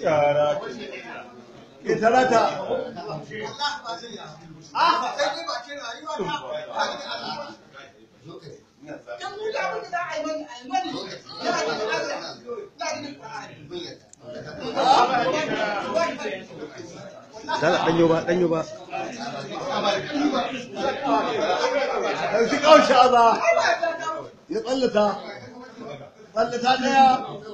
yara ke talata Dala ɗan yau ba, ɗan yau ba. Ɗan fi ƙaushe a ba. Ya tsallata. Tsallata ɗaya.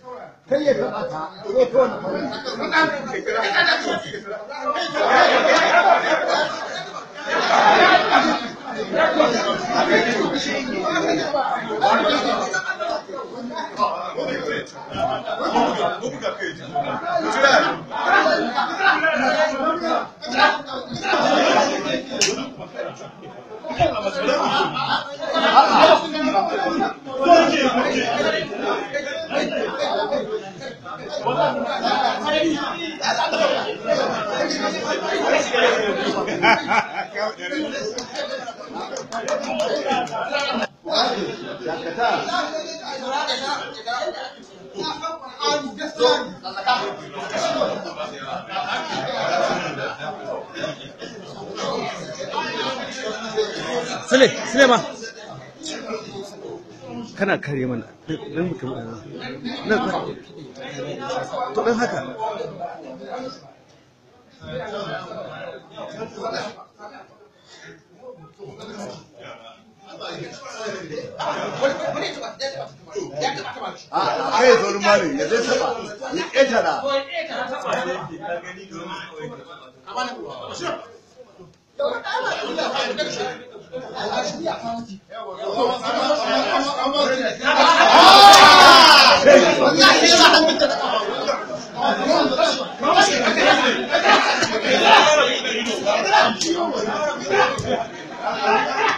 회의에 들어가자. 이게 그건 아, 아, 아, Sule Sule ma kana kare mana dan mutum eh. nan to dan haka a ah, kai eh, zo rumari ya zai saba ya da Thank you.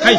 kai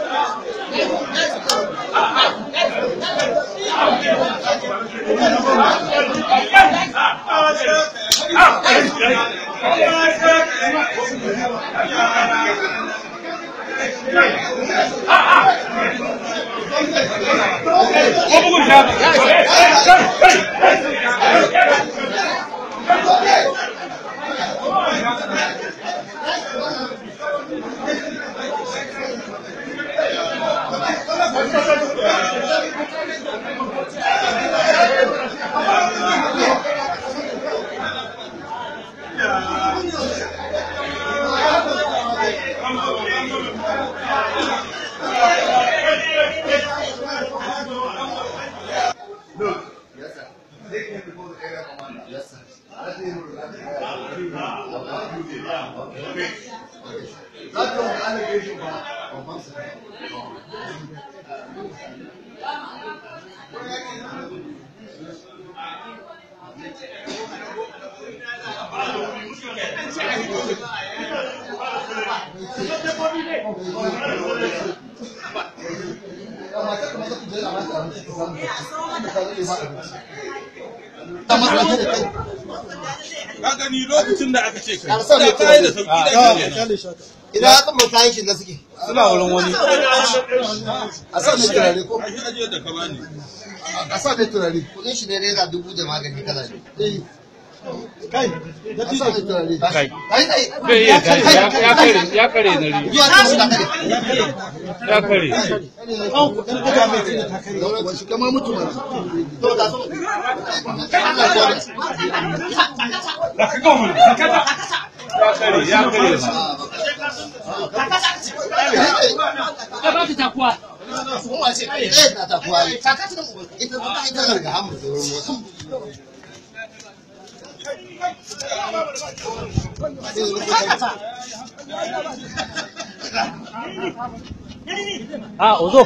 Vamos, Gustavo. Okay. Sag doch alle Kirchen war. Auf was? Estamos hablando de ka gani lokacin da aka ce kai da kai da sauki da kai idan haka mai shi na suke suna wurin wani a sa mai turare ko a sa mai turare kudin shi ne naira dubu da magani kala ne kai da tije kai kai kai ya kare ya kare ya kare na ri ya kare ya kare an kudin daga mai tije ta kare dole shi kama mutum to da so ba Ozo.